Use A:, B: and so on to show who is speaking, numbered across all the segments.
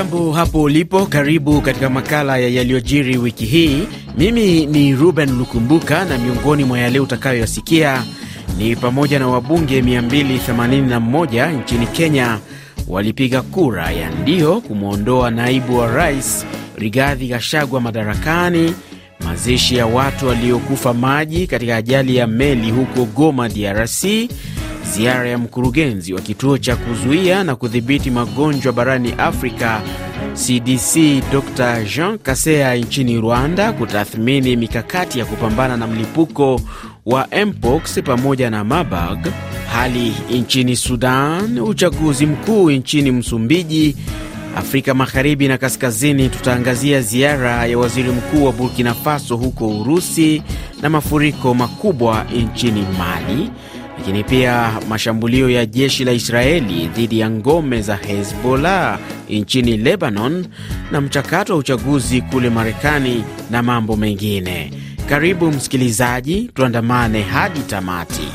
A: jambo hapo ulipo, karibu katika makala ya yaliyojiri wiki hii. Mimi ni Ruben Lukumbuka, na miongoni mwa yale utakayoyasikia ni pamoja na wabunge 281 nchini Kenya walipiga kura ya ndio kumwondoa naibu wa rais Rigathi Gachagua madarakani, mazishi ya watu waliokufa maji katika ajali ya meli huko Goma, DRC, Ziara ya mkurugenzi wa kituo cha kuzuia na kudhibiti magonjwa barani Afrika CDC Dr Jean Kaseya nchini Rwanda kutathmini mikakati ya kupambana na mlipuko wa mpox pamoja na Marburg, hali nchini Sudan, uchaguzi mkuu nchini Msumbiji, Afrika magharibi na kaskazini. Tutaangazia ziara ya waziri mkuu wa Burkina Faso huko Urusi na mafuriko makubwa nchini Mali lakini pia mashambulio ya jeshi la Israeli dhidi ya ngome za Hezbollah nchini Lebanon na mchakato wa uchaguzi kule Marekani na mambo mengine. Karibu msikilizaji, tuandamane hadi tamati.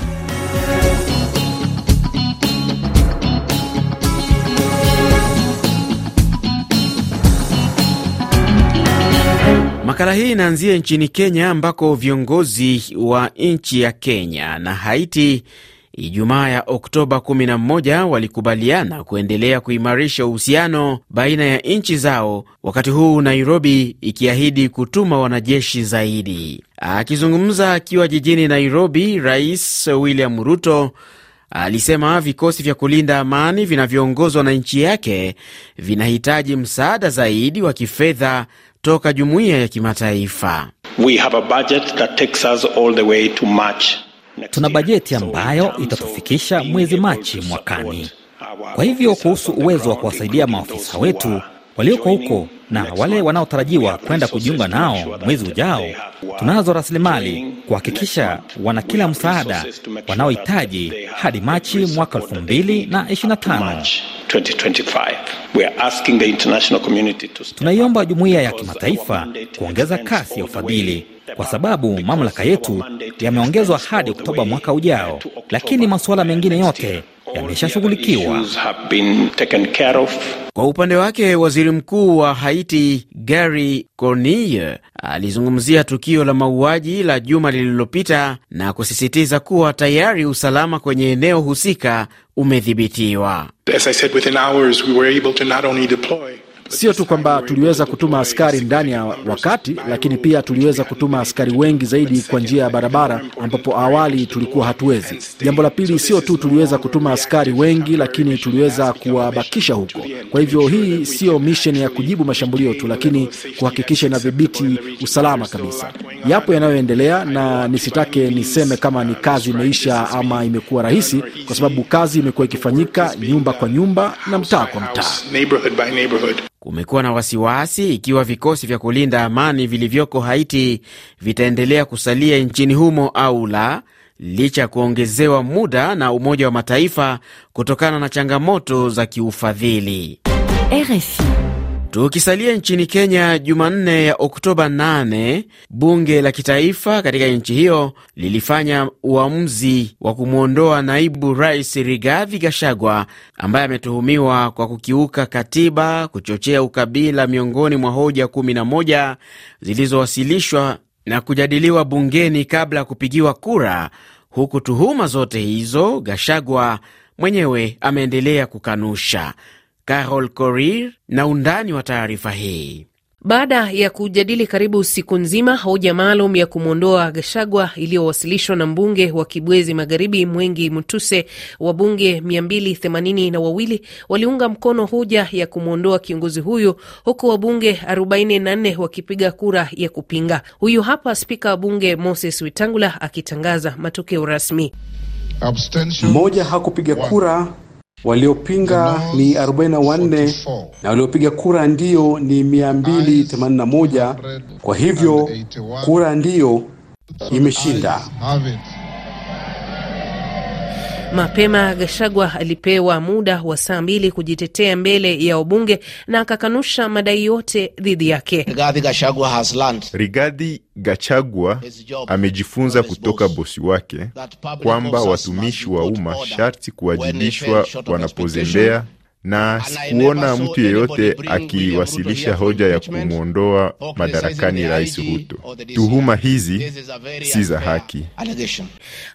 A: Makala hii inaanzia nchini Kenya ambako viongozi wa nchi ya Kenya na Haiti Ijumaa ya Oktoba 11 walikubaliana kuendelea kuimarisha uhusiano baina ya nchi zao, wakati huu Nairobi ikiahidi kutuma wanajeshi zaidi. Akizungumza akiwa jijini Nairobi, Rais William Ruto Alisema vikosi vya kulinda amani vinavyoongozwa na nchi yake vinahitaji msaada zaidi wa kifedha toka jumuiya ya kimataifa.
B: Tuna bajeti ambayo itatufikisha mwezi Machi mwakani. Kwa hivyo, kuhusu uwezo wa kuwasaidia maafisa wetu Walioko huko na wale wanaotarajiwa kwenda kujiunga nao mwezi ujao, tunazo rasilimali kuhakikisha wana kila msaada wanaohitaji hadi Machi mwaka 2025. Tunaiomba jumuiya ya kimataifa kuongeza kasi ya ufadhili kwa sababu mamlaka yetu yameongezwa hadi Oktoba mwaka ujao, lakini masuala mengine yote yameshashughulikiwa.
A: Kwa upande wake, waziri mkuu wa Haiti Gary Conille alizungumzia tukio la mauaji la juma lililopita na kusisitiza kuwa tayari usalama kwenye eneo husika umedhibitiwa. Sio tu kwamba tuliweza kutuma askari ndani ya wakati, lakini
C: pia tuliweza kutuma askari wengi zaidi kwa njia ya barabara, ambapo awali tulikuwa hatuwezi. Jambo la pili, sio tu tuliweza kutuma askari wengi, lakini tuliweza kuwabakisha huko. Kwa hivyo hii sio misheni ya kujibu mashambulio tu, lakini kuhakikisha inadhibiti usalama kabisa. Yapo yanayoendelea, na nisitake niseme kama ni kazi imeisha ama imekuwa rahisi, kwa sababu kazi imekuwa ikifanyika nyumba kwa nyumba na mtaa kwa mtaa
A: kumekuwa na wasiwasi ikiwa vikosi vya kulinda amani vilivyoko Haiti vitaendelea kusalia nchini humo au la, licha ya kuongezewa muda na Umoja wa Mataifa kutokana na changamoto za kiufadhili. RFI. Tukisalia nchini Kenya, Jumanne ya Oktoba 8 bunge la kitaifa katika nchi hiyo lilifanya uamuzi wa kumwondoa naibu rais Rigathi Gachagua ambaye ametuhumiwa kwa kukiuka katiba, kuchochea ukabila, miongoni mwa hoja 11 zilizowasilishwa na kujadiliwa bungeni kabla ya kupigiwa kura, huku tuhuma zote hizo Gachagua mwenyewe ameendelea kukanusha. Carol Korir na undani wa taarifa hii.
D: Baada ya kujadili karibu siku nzima, hoja maalum ya kumwondoa Gashagwa iliyowasilishwa na mbunge wa Kibwezi Magharibi Mwengi Mutuse, wabunge 280 na wawili waliunga mkono hoja ya kumwondoa kiongozi huyo, huku wabunge 44 wakipiga kura ya kupinga. Huyu hapa spika wa bunge Moses witangula akitangaza matokeo rasmi.
E: Mmoja hakupiga kura waliopinga ni 44 na waliopiga kura ndio ni 281. Kwa hivyo kura ndio imeshinda.
D: Mapema Gashagwa alipewa muda wa saa mbili kujitetea mbele ya wabunge na akakanusha madai yote dhidi yake.
E: rigadhi gachagwa Gachagua amejifunza kutoka bosi wake kwamba watumishi wa umma sharti kuwajibishwa wanapozembea na sikuona mtu yeyote akiwasilisha hoja ya kumwondoa madarakani rais Ruto. Tuhuma hizi si za haki.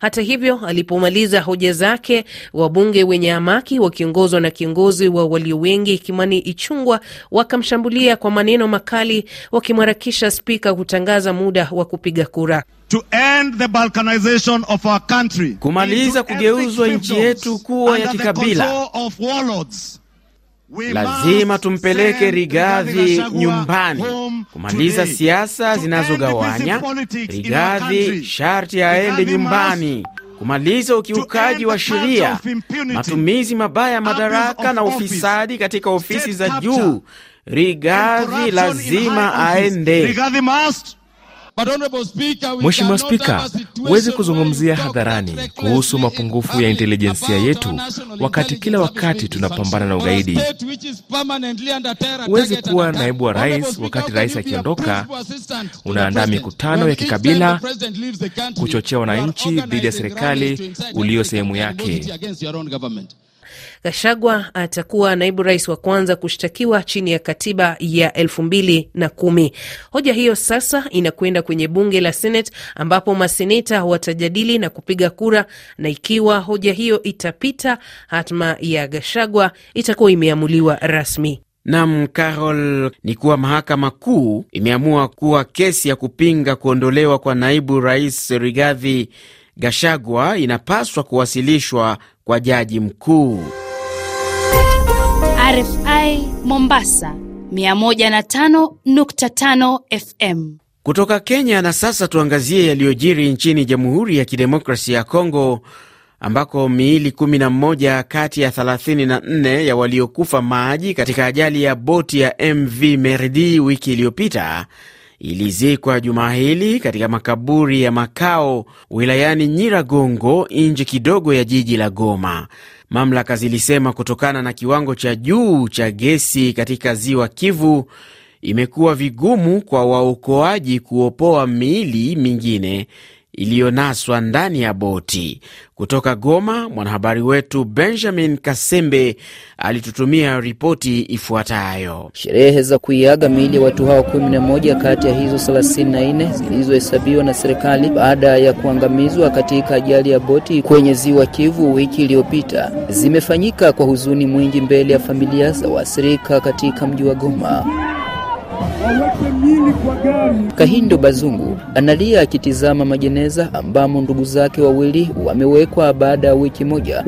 D: Hata hivyo, alipomaliza hoja zake, wabunge wenye hamaki wakiongozwa na kiongozi wa walio wengi Kimani Ichungwa wakamshambulia kwa maneno makali, wakimharakisha spika kutangaza muda wa kupiga kura.
E: To end the balkanization of our country, kumaliza
D: kugeuzwa nchi yetu kuwa ya kikabila
F: Lazima tumpeleke Rigathi nyumbani,
A: kumaliza siasa zinazogawanya. Rigathi sharti aende nyumbani kumaliza ukiukaji wa sheria, matumizi mabaya ya madaraka na ufisadi katika ofisi za juu. Rigathi lazima aende.
C: Mheshimiwa Spika,
E: huwezi kuzungumzia hadharani kuhusu mapungufu ya intelijensia yetu wakati kila wakati tunapambana na ugaidi. Huwezi kuwa naibu wa rais wakati rais akiondoka, unaandaa mikutano ya kikabila, kuchochea wananchi dhidi ya serikali uliyo sehemu yake.
D: Gashagwa atakuwa naibu rais wa kwanza kushtakiwa chini ya katiba ya elfu mbili na kumi. Hoja hiyo sasa inakwenda kwenye bunge la Senate ambapo maseneta watajadili na kupiga kura, na ikiwa hoja hiyo itapita, hatma ya Gashagwa itakuwa imeamuliwa rasmi.
A: Nam Carol, ni kuwa mahakama kuu imeamua kuwa kesi ya kupinga kuondolewa kwa naibu rais Rigathi Gashagwa inapaswa kuwasilishwa kwa jaji mkuu.
D: RFI Mombasa 105.5 FM
A: kutoka Kenya. Na sasa tuangazie yaliyojiri nchini Jamhuri ya Kidemokrasia ya Kongo ambako miili 11 kati ya 34 ya waliokufa maji katika ajali ya boti ya MV meridi wiki iliyopita ilizikwa jumaa hili katika makaburi ya Makao wilayani Nyiragongo, nje kidogo ya jiji la Goma. Mamlaka zilisema kutokana na kiwango cha juu cha gesi katika ziwa Kivu, imekuwa vigumu kwa waokoaji kuopoa miili mingine iliyonaswa ndani ya boti. Kutoka Goma, mwanahabari wetu Benjamin Kasembe alitutumia ripoti ifuatayo.
G: Sherehe za kuiaga miili ya watu hao 11 kati ya hizo 34 zilizohesabiwa na serikali baada ya kuangamizwa katika ajali ya boti kwenye ziwa Kivu wiki iliyopita zimefanyika kwa huzuni mwingi mbele ya familia za waathirika katika mji wa Goma. Kahindo Bazungu analia akitizama majeneza ambamo ndugu zake wawili wamewekwa baada ya wiki moja.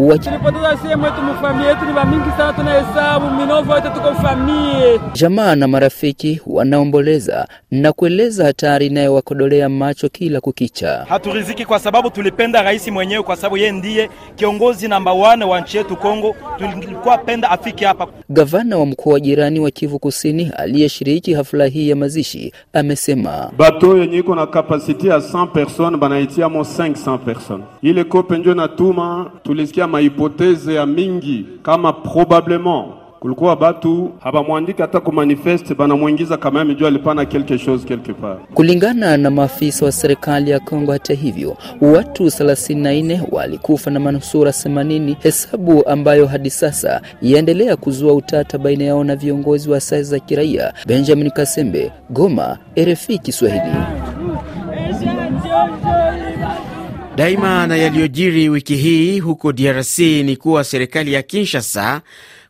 G: Jamaa na marafiki wanaomboleza na kueleza hatari inayowakodolea macho kila kukicha.
E: Haturiziki kwa sababu tulipenda rais mwenyewe, kwa sababu yeye ndiye kiongozi namba wane wa nchi yetu Kongo, tulikuwa penda afike hapa.
G: Gavana wa mkoa jirani wa Kivu Kusini aliyeshiriki hafla hii ya mazishi Masai amesema bato
E: yenye iko na kapasiti ya 100 personnes banaitia mo 500 personnes. Ile kope njo natuma tulisikia mahipoteze ya mingi kama probablement kulikuwa batu habamwandika hata kumanifeste, banamwingiza kama yamejua alipana quelque chose quelque part.
G: Kulingana na maafisa wa serikali ya Kongo, hata hivyo, watu 34 walikufa na manusura 80, hesabu ambayo hadi sasa yaendelea kuzua utata baina yao na viongozi wa asasi za kiraia. Benjamin Kasembe, Goma, RFI Kiswahili. Daima na yaliyojiri wiki hii
A: huko DRC ni kuwa serikali ya Kinshasa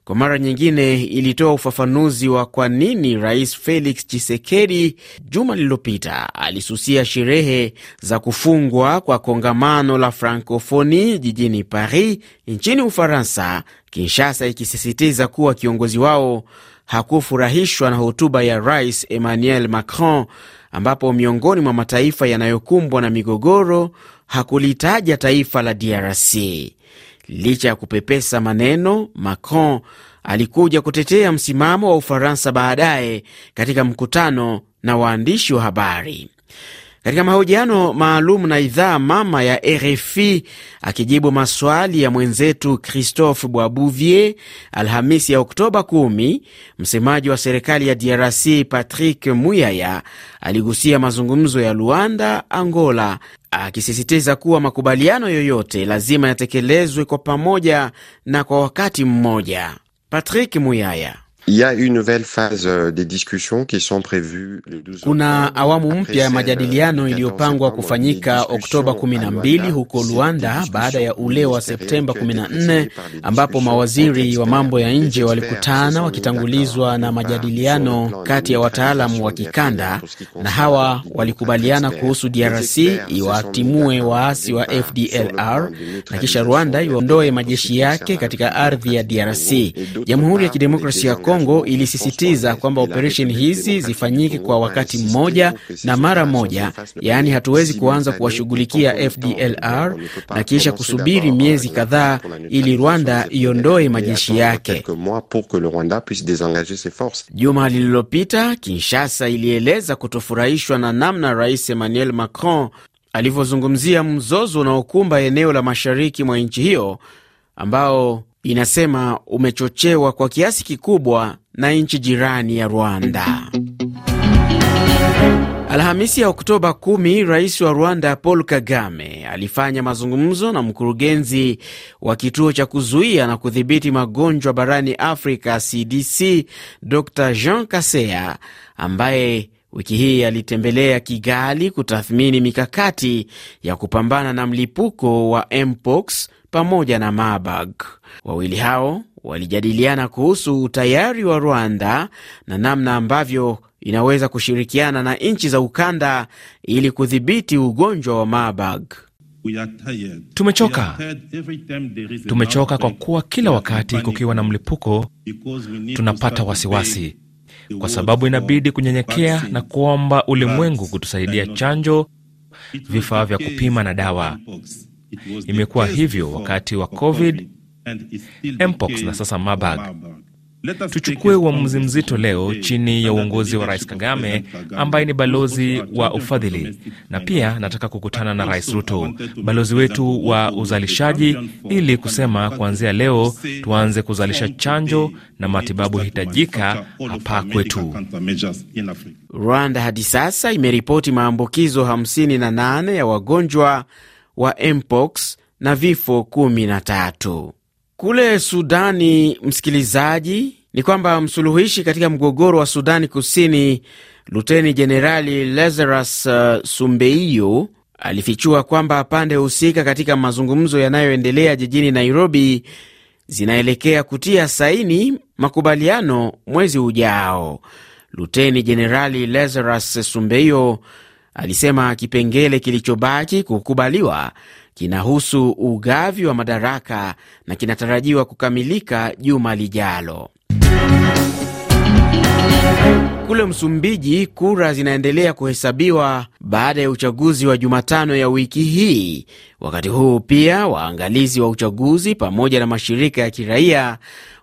A: kwa mara nyingine ilitoa ufafanuzi wa kwa nini Rais Felix chisekedi juma lililopita alisusia sherehe za kufungwa kwa kongamano la francofoni jijini Paris nchini Ufaransa, Kinshasa ikisisitiza kuwa kiongozi wao hakufurahishwa na hotuba ya Rais Emmanuel Macron, ambapo miongoni mwa mataifa yanayokumbwa na migogoro hakulitaja taifa la DRC. Licha ya kupepesa maneno, Macron alikuja kutetea msimamo wa Ufaransa baadaye katika mkutano na waandishi wa habari. Katika mahojiano maalum na idhaa mama ya RFI akijibu maswali ya mwenzetu Christophe Bwabuvier Alhamisi ya Oktoba 10, msemaji wa serikali ya DRC Patrick Muyaya aligusia mazungumzo ya Luanda, Angola, akisisitiza kuwa makubaliano yoyote lazima yatekelezwe kwa pamoja na kwa wakati mmoja. Patrick Muyaya Euh, Kuna awamu mpya ya majadiliano euh, iliyopangwa kufanyika Oktoba 12 huko Luanda baada ya ule wa Septemba 14 ambapo mawaziri wa mambo ya nje walikutana wakitangulizwa na majadiliano kati ya wataalamu wa kikanda, na hawa walikubaliana kuhusu DRC iwatimue waasi wa FDLR na kisha Rwanda iondoe majeshi yake katika ardhi ya DRC. Jamhuri ya Kidemokrasia ya Kongo ilisisitiza kwamba operesheni hizi zifanyike kwa wakati mmoja na mara moja, yaani hatuwezi kuanza kuwashughulikia FDLR na kisha kusubiri miezi kadhaa ili Rwanda iondoe majeshi yake. Juma lililopita, Kinshasa ilieleza kutofurahishwa na namna Rais Emmanuel Macron alivyozungumzia mzozo unaokumba eneo la mashariki mwa nchi hiyo ambao inasema umechochewa kwa kiasi kikubwa na nchi jirani ya Rwanda. Alhamisi ya Oktoba 10 rais wa Rwanda Paul Kagame alifanya mazungumzo na mkurugenzi wa kituo cha kuzuia na kudhibiti magonjwa barani Afrika, CDC, Dr Jean Kaseya ambaye wiki hii alitembelea Kigali kutathmini mikakati ya kupambana na mlipuko wa mpox pamoja na Marburg. Wawili hao walijadiliana kuhusu utayari wa Rwanda na namna ambavyo inaweza kushirikiana na nchi za ukanda
E: ili kudhibiti ugonjwa wa Marburg.
F: Tumechoka, tumechoka
E: kwa kuwa kila wakati kukiwa na mlipuko tunapata wasiwasi kwa sababu inabidi kunyenyekea na kuomba ulimwengu kutusaidia chanjo, vifaa vya kupima na dawa. Imekuwa hivyo wakati wa COVID, mpox na sasa mabag Tuchukue uamuzi mzito leo chini ya uongozi wa Rais Kagame ambaye ni balozi wa ufadhili, na pia nataka kukutana na Rais Ruto, balozi wetu wa uzalishaji, ili kusema kuanzia leo tuanze kuzalisha chanjo na matibabu hitajika hapa kwetu. Rwanda hadi sasa imeripoti maambukizo
A: 58 ya wagonjwa wa mpox na vifo 13. Kule Sudani, msikilizaji, ni kwamba msuluhishi katika mgogoro wa Sudani Kusini, Luteni Jenerali Lazarus uh, Sumbeio alifichua kwamba pande husika katika mazungumzo yanayoendelea jijini Nairobi zinaelekea kutia saini makubaliano mwezi ujao. Luteni Jenerali Lazarus Sumbeio alisema kipengele kilichobaki kukubaliwa kinahusu ugavi wa madaraka na kinatarajiwa kukamilika juma lijalo. Kule Msumbiji, kura zinaendelea kuhesabiwa baada ya uchaguzi wa Jumatano ya wiki hii. Wakati huu pia waangalizi wa uchaguzi pamoja na mashirika ya kiraia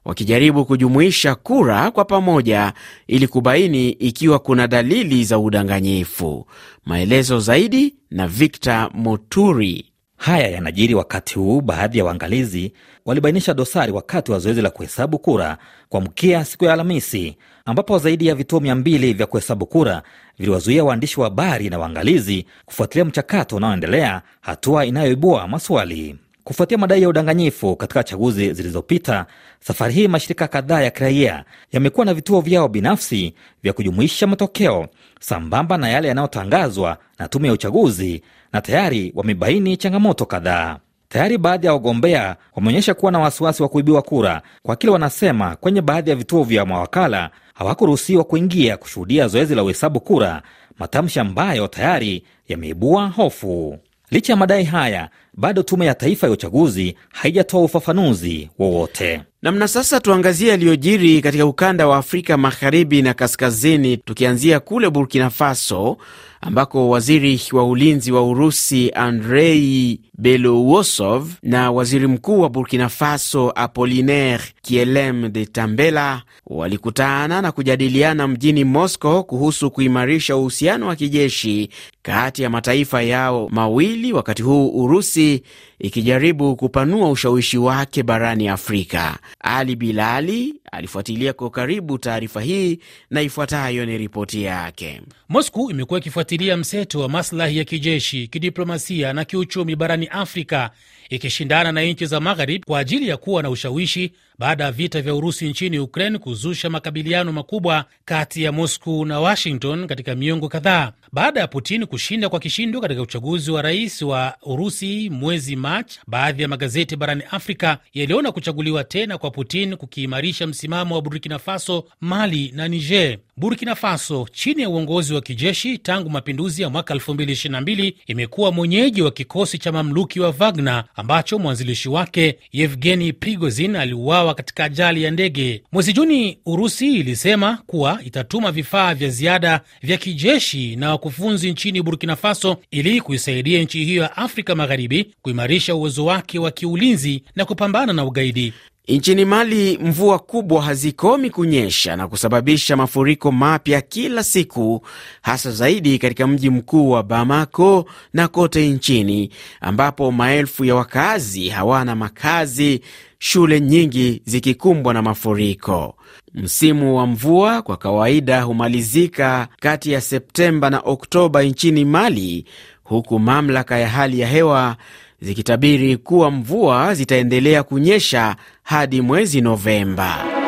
A: wakijaribu kujumuisha kura kwa pamoja ili kubaini ikiwa kuna dalili za udanganyifu.
B: Maelezo zaidi na Victor Moturi. Haya yanajiri wakati huu baadhi ya waangalizi walibainisha dosari wakati wa zoezi la kuhesabu kura kwa mkia siku ya Alhamisi, ambapo zaidi ya vituo mia mbili vya kuhesabu kura viliwazuia waandishi wa habari na waangalizi kufuatilia mchakato unaoendelea, hatua inayoibua maswali kufuatia madai ya udanganyifu katika chaguzi zilizopita. Safari hii mashirika kadhaa ya kiraia yamekuwa na vituo vyao binafsi vya kujumuisha matokeo sambamba na yale yanayotangazwa na tume ya uchaguzi na tayari wamebaini changamoto kadhaa. Tayari baadhi ya wagombea wameonyesha kuwa na wasiwasi wa kuibiwa kura kwa kile wanasema kwenye baadhi ya vituo vya mawakala hawakuruhusiwa kuingia kushuhudia zoezi la uhesabu kura, matamshi ambayo tayari yameibua hofu. Licha ya madai haya, bado Tume ya Taifa ya Uchaguzi haijatoa ufafanuzi wowote. Namna
A: sasa, tuangazie yaliyojiri katika ukanda wa Afrika magharibi na kaskazini, tukianzia kule Burkina Faso ambako waziri wa ulinzi wa Urusi Andrei belowosov na waziri mkuu wa Burkina Faso Apollinaire Kielem de Tambela walikutana na kujadiliana mjini Moscow kuhusu kuimarisha uhusiano wa kijeshi kati ya mataifa yao mawili, wakati huu Urusi ikijaribu kupanua ushawishi wake barani Afrika. Ali Bilali alifuatilia kwa karibu taarifa hii na ifuatayo ni ripoti yake.
F: Moscow imekuwa ikifuatilia mseto wa maslahi ya kijeshi, kidiplomasia na kiuchumi barani Afrika ikishindana na nchi za magharibi kwa ajili ya kuwa na ushawishi baada ya vita vya Urusi nchini Ukraine kuzusha makabiliano makubwa kati ya Moscow na Washington katika miongo kadhaa. Baada ya Putin kushinda kwa kishindo katika uchaguzi wa rais wa Urusi mwezi Machi, baadhi ya magazeti barani Afrika yaliona kuchaguliwa tena kwa Putin kukiimarisha msimamo wa Burkina Faso, Mali na Niger. Burkina Faso chini ya uongozi wa kijeshi tangu mapinduzi ya mwaka 2022 imekuwa mwenyeji wa kikosi cha mamluki wa Wagner ambacho mwanzilishi wake Yevgeni Prigozin aliuawa waliuawa katika ajali ya ndege. Mwezi Juni, Urusi ilisema kuwa itatuma vifaa vya ziada vya kijeshi na wakufunzi nchini Burkina Faso ili kuisaidia nchi hiyo ya Afrika Magharibi kuimarisha uwezo wake wa kiulinzi na kupambana na ugaidi.
A: Nchini Mali, mvua kubwa hazikomi kunyesha na kusababisha mafuriko mapya kila siku, hasa zaidi katika mji mkuu wa Bamako na kote nchini, ambapo maelfu ya wakazi hawana makazi shule nyingi zikikumbwa na mafuriko. Msimu wa mvua kwa kawaida humalizika kati ya Septemba na Oktoba nchini Mali, huku mamlaka ya hali ya hewa zikitabiri kuwa mvua zitaendelea kunyesha hadi mwezi Novemba.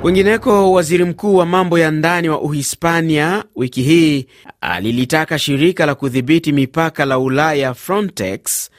A: Kwingineko, waziri mkuu wa mambo ya ndani wa Uhispania wiki hii alilitaka shirika la kudhibiti mipaka la Ulaya Frontex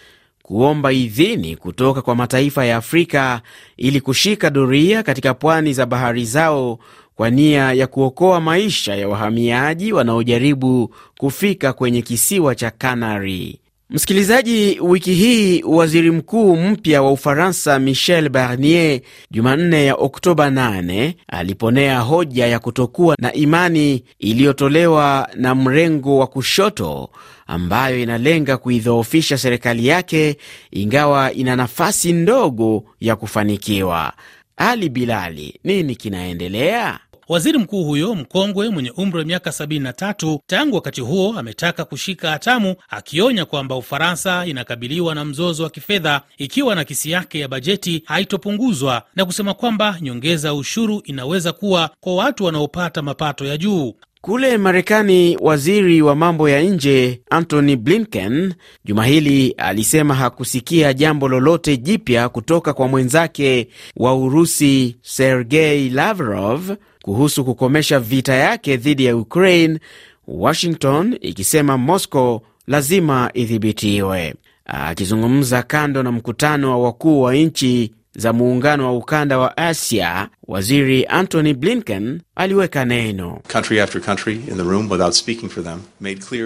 A: kuomba idhini kutoka kwa mataifa ya Afrika ili kushika doria katika pwani za bahari zao kwa nia ya kuokoa maisha ya wahamiaji wanaojaribu kufika kwenye kisiwa cha Kanari. Msikilizaji, wiki hii waziri mkuu mpya wa Ufaransa Michel Barnier Jumanne ya Oktoba 8 aliponea hoja ya kutokuwa na imani iliyotolewa na mrengo wa kushoto ambayo inalenga kuidhoofisha serikali yake ingawa ina nafasi ndogo ya kufanikiwa. Ali Bilali, nini kinaendelea?
F: Waziri mkuu huyo mkongwe mwenye umri wa miaka 73 tangu wakati huo ametaka kushika hatamu, akionya kwamba Ufaransa inakabiliwa na mzozo wa kifedha ikiwa nakisi yake ya bajeti haitopunguzwa na kusema kwamba nyongeza ya ushuru inaweza kuwa kwa watu wanaopata mapato ya juu.
A: Kule Marekani, waziri wa mambo ya nje Antony Blinken juma hili alisema hakusikia jambo lolote jipya kutoka kwa mwenzake wa Urusi Sergei Lavrov kuhusu kukomesha vita yake dhidi ya Ukraine, Washington ikisema Moscow lazima idhibitiwe. Akizungumza kando na mkutano wa wakuu wa nchi za muungano wa ukanda wa Asia Waziri Antony Blinken aliweka neno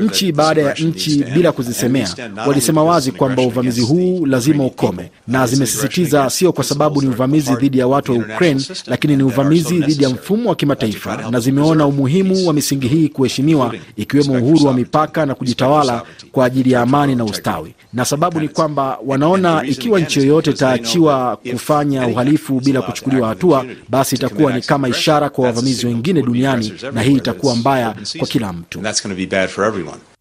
C: nchi baada ya nchi bila kuzisemea walisema wazi kwamba uvamizi huu lazima ukome, na zimesisitiza sio kwa sababu ni uvamizi dhidi ya watu wa Ukraine, lakini ni uvamizi dhidi ya mfumo wa kimataifa, na zimeona umuhimu wa misingi hii kuheshimiwa, ikiwemo uhuru wa mipaka na kujitawala kwa ajili ya amani na ustawi. Na sababu ni kwamba wanaona ikiwa nchi yoyote itaachiwa kufanya uhalifu bila kuchukuliwa hatua basi itakuwa ni kama ishara kwa wavamizi wengine duniani, na hii itakuwa mbaya
A: kwa kila mtu.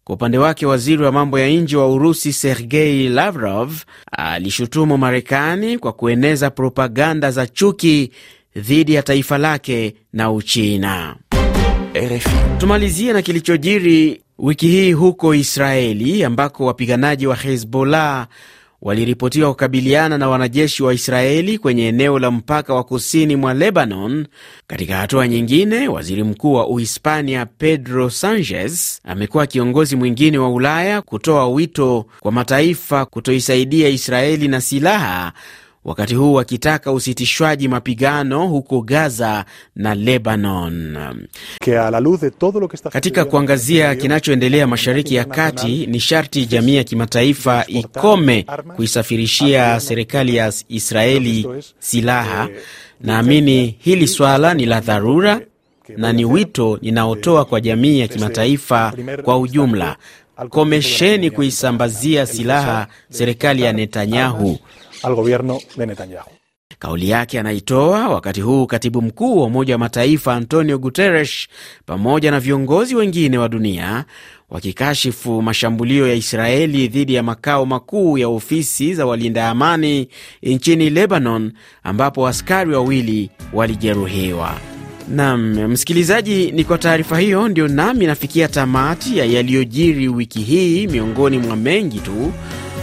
A: Kwa upande wake waziri wa mambo ya nje wa Urusi Sergei Lavrov alishutumu Marekani kwa kueneza propaganda za chuki dhidi ya taifa lake na Uchina. RFI. Tumalizie na kilichojiri wiki hii huko Israeli ambako wapiganaji wa Hezbollah waliripotiwa kukabiliana na wanajeshi wa Israeli kwenye eneo la mpaka wa kusini mwa Lebanon. Katika hatua nyingine, waziri mkuu wa Uhispania Pedro Sanchez amekuwa kiongozi mwingine wa Ulaya kutoa wito kwa mataifa kutoisaidia Israeli na silaha wakati huu wakitaka usitishwaji mapigano huko Gaza na Lebanon. Katika kuangazia kinachoendelea Mashariki ya Kati, ni sharti jamii ya kimataifa ikome kuisafirishia serikali ya Israeli silaha. Eh, Naamini hili swala ni la dharura na ni wito ninaotoa kwa jamii ya kimataifa kwa ujumla. Komesheni kuisambazia silaha serikali ya Netanyahu
F: al gobierno de
A: Netanyahu. Kauli yake anaitoa wakati huu katibu mkuu wa Umoja wa Mataifa Antonio Guterres pamoja na viongozi wengine wa dunia wakikashifu mashambulio ya Israeli dhidi ya makao makuu ya ofisi za walinda amani nchini Lebanon, ambapo askari wawili walijeruhiwa. Nam msikilizaji, ni kwa taarifa hiyo ndio nami nafikia tamati ya yaliyojiri wiki hii, miongoni mwa mengi tu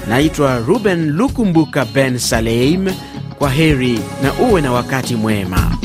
A: Naitwa Ruben Lukumbuka Ben Saleim. Kwa heri na uwe na wakati mwema.